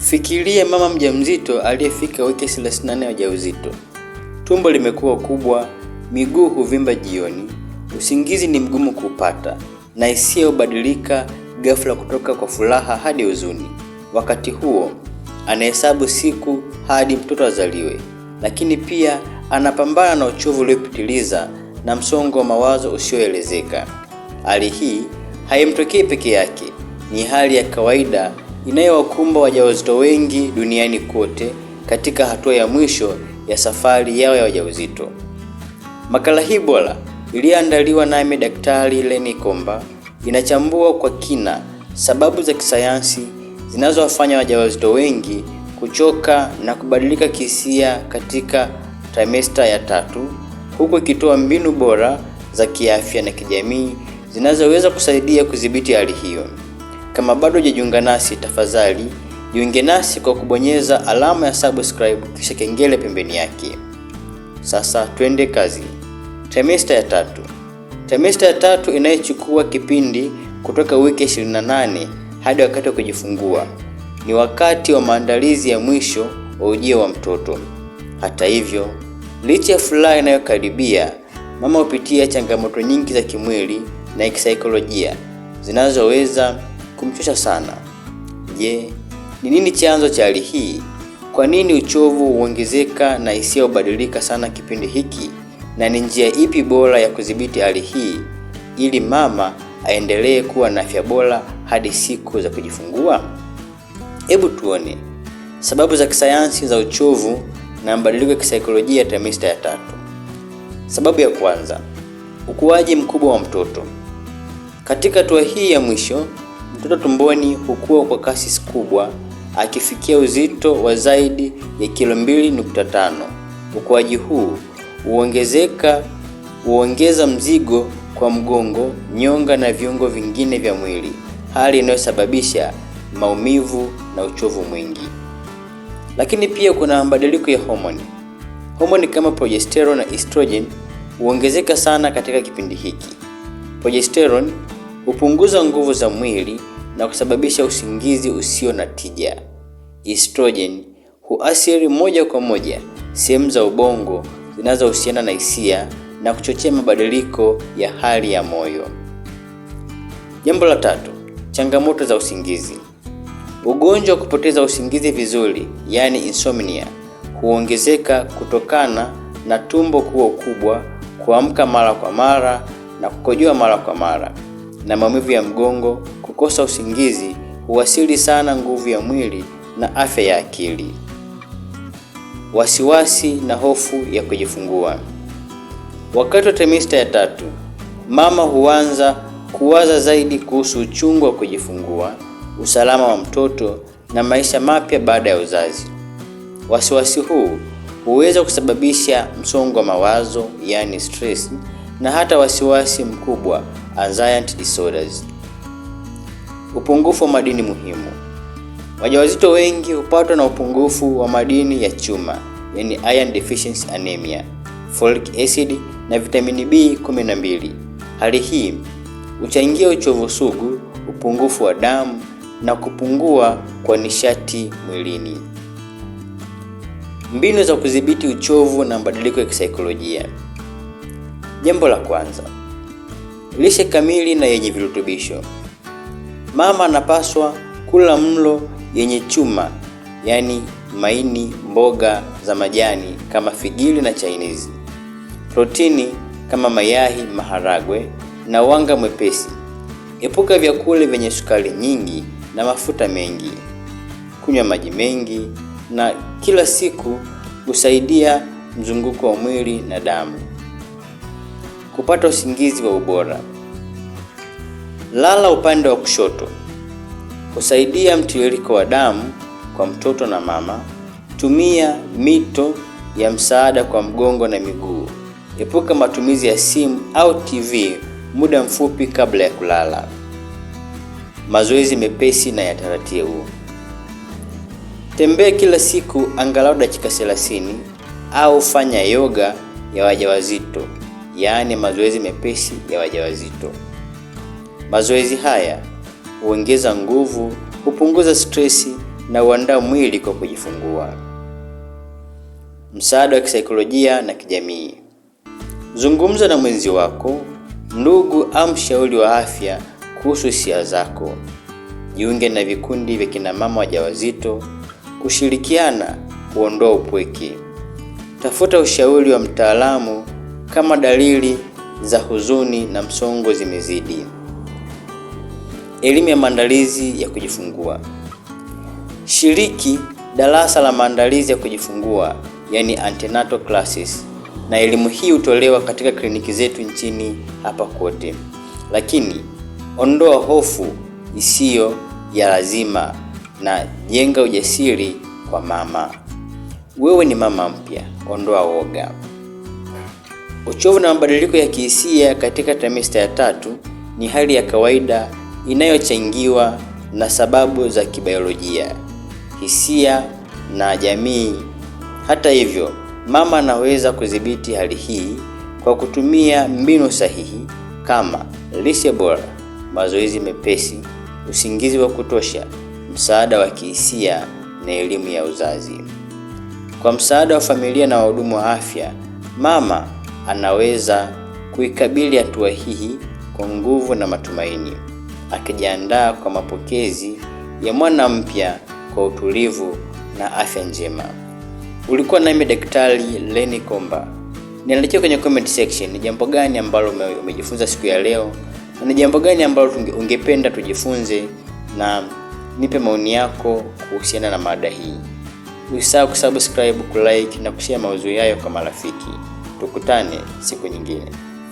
Fikiria mama mjamzito aliyefika wiki 38 ya ujauzito. Tumbo limekuwa kubwa, miguu huvimba jioni, usingizi ni mgumu kupata, na hisia hubadilika ghafla kutoka kwa furaha hadi huzuni. Wakati huo anahesabu siku hadi mtoto azaliwe, lakini pia anapambana na uchovu uliopitiliza na msongo wa mawazo usioelezeka. Hali hii haimtokei peke yake, ni hali ya kawaida inayowakumba wajawazito wengi duniani kote katika hatua ya mwisho ya safari yao ya wajawazito. Makala hii bora iliyoandaliwa nami Daktari Leni Komba inachambua kwa kina sababu za kisayansi zinazowafanya wajawazito wengi kuchoka na kubadilika kihisia katika trimester ya tatu, huku ikitoa mbinu bora za kiafya na kijamii zinazoweza kusaidia kudhibiti hali hiyo. Kama bado hujajiunga nasi, tafadhali jiunge nasi kwa kubonyeza alama ya subscribe kisha kengele pembeni yake. Sasa twende kazi. Trimester ya tatu. Trimester ya tatu inayochukua kipindi kutoka wiki 28 hadi wakati wa kujifungua ni wakati wa maandalizi ya mwisho wa ujio wa mtoto. Hata hivyo, licha ya furaha inayokaribia, mama hupitia changamoto nyingi za kimwili na kisaikolojia zinazoweza kumchosha sana. Je, ni nini chanzo cha hali hii? Kwa nini uchovu huongezeka na hisia hubadilika sana kipindi hiki, na ni njia ipi bora ya kudhibiti hali hii ili mama aendelee kuwa na afya bora hadi siku za kujifungua? Hebu tuone sababu za kisayansi za uchovu na mabadiliko ya kisaikolojia ya trimester ya tatu. Sababu ya kwanza, ukuaji mkubwa wa mtoto. Katika hatua hii ya mwisho Mtoto tumboni hukua kwa kasi kubwa akifikia uzito wa zaidi ya kilo 2.5. Ukuaji huu huongezeka huongeza mzigo kwa mgongo, nyonga na viungo vingine vya mwili, hali inayosababisha maumivu na uchovu mwingi. Lakini pia kuna mabadiliko ya homoni. Homoni kama progesterone na estrogen huongezeka sana katika kipindi hiki. Progesterone hupunguza nguvu za mwili na kusababisha usingizi usio na tija. Estrogen huathiri moja kwa moja sehemu za ubongo zinazohusiana na hisia na kuchochea mabadiliko ya hali ya moyo. Jambo la tatu, changamoto za usingizi. Ugonjwa wa kupoteza usingizi vizuri, yaani insomnia, huongezeka kutokana na tumbo kuwa kubwa, kuamka mara kwa mara na kukojoa mara kwa mara na maumivu ya mgongo, kukosa usingizi, huwasili sana nguvu ya mwili na afya ya akili, wasiwasi na hofu ya kujifungua. Wakati wa trimester ya tatu, mama huanza kuwaza zaidi kuhusu uchungu wa kujifungua, usalama wa mtoto na maisha mapya baada ya uzazi. Wasiwasi huu huweza kusababisha msongo wa mawazo, yaani stress, na hata wasiwasi mkubwa anxiety disorders. Upungufu wa madini muhimu. Wajawazito wengi hupatwa na upungufu wa madini ya chuma, yani iron deficiency anemia, folic acid na vitamini B12. Hali hii huchangia uchovu sugu, upungufu wa damu na kupungua kwa nishati mwilini. Mbinu za kudhibiti uchovu na mabadiliko ya kisaikolojia. Jambo la kwanza Lishe kamili na yenye virutubisho. Mama anapaswa kula mlo yenye chuma, yaani maini, mboga za majani kama figili na chainizi, protini kama mayai, maharagwe na wanga mwepesi. Epuka vyakula vyenye sukari nyingi na mafuta mengi. Kunywa maji mengi na kila siku husaidia mzunguko wa mwili na damu kupata usingizi wa ubora. Lala upande wa kushoto husaidia mtiririko wa damu kwa mtoto na mama. Tumia mito ya msaada kwa mgongo na miguu. Epuka matumizi ya simu au TV muda mfupi kabla ya kulala. Mazoezi mepesi na ya taratibu. Tembee kila siku angalau dakika 30 au fanya yoga ya wajawazito yaani mazoezi mepesi ya wajawazito. Mazoezi haya huongeza nguvu, hupunguza stresi na huandaa mwili kwa kujifungua. Msaada wa kisaikolojia na kijamii. Zungumza na mwenzi wako, ndugu au mshauri wa afya kuhusu hisia zako. Jiunge na vikundi vya kinamama wajawazito. Kushirikiana huondoa upweke. Tafuta ushauri wa mtaalamu kama dalili za huzuni na msongo zimezidi. Elimu ya maandalizi ya kujifungua. Shiriki darasa la maandalizi ya kujifungua yani antenatal classes, na elimu hii hutolewa katika kliniki zetu nchini hapa kote, lakini ondoa hofu isiyo ya lazima na jenga ujasiri kwa mama. Wewe ni mama mpya, ondoa woga. Uchovu na mabadiliko ya kihisia katika trimesta ya tatu ni hali ya kawaida inayochangiwa na sababu za kibiolojia, hisia na jamii. Hata hivyo, mama anaweza kudhibiti hali hii kwa kutumia mbinu sahihi kama lishe bora, mazoezi mepesi, usingizi wa kutosha, msaada wa kihisia na elimu ya uzazi. Kwa msaada wa familia na wahudumu wa afya, mama anaweza kuikabili hatua hii kwa nguvu na matumaini, akijiandaa kwa mapokezi ya mwana mpya kwa utulivu na afya njema. Ulikuwa nami Daktari Lenny Komba. Niandikia kwenye comment section ni jambo gani ambalo umejifunza siku ya leo, na ni jambo gani ambalo ungependa tujifunze, na nipe maoni yako kuhusiana na mada hii. Usisahau kusubscribe, kulike na kushare mauzuri hayo kwa marafiki. Tukutane siku nyingine.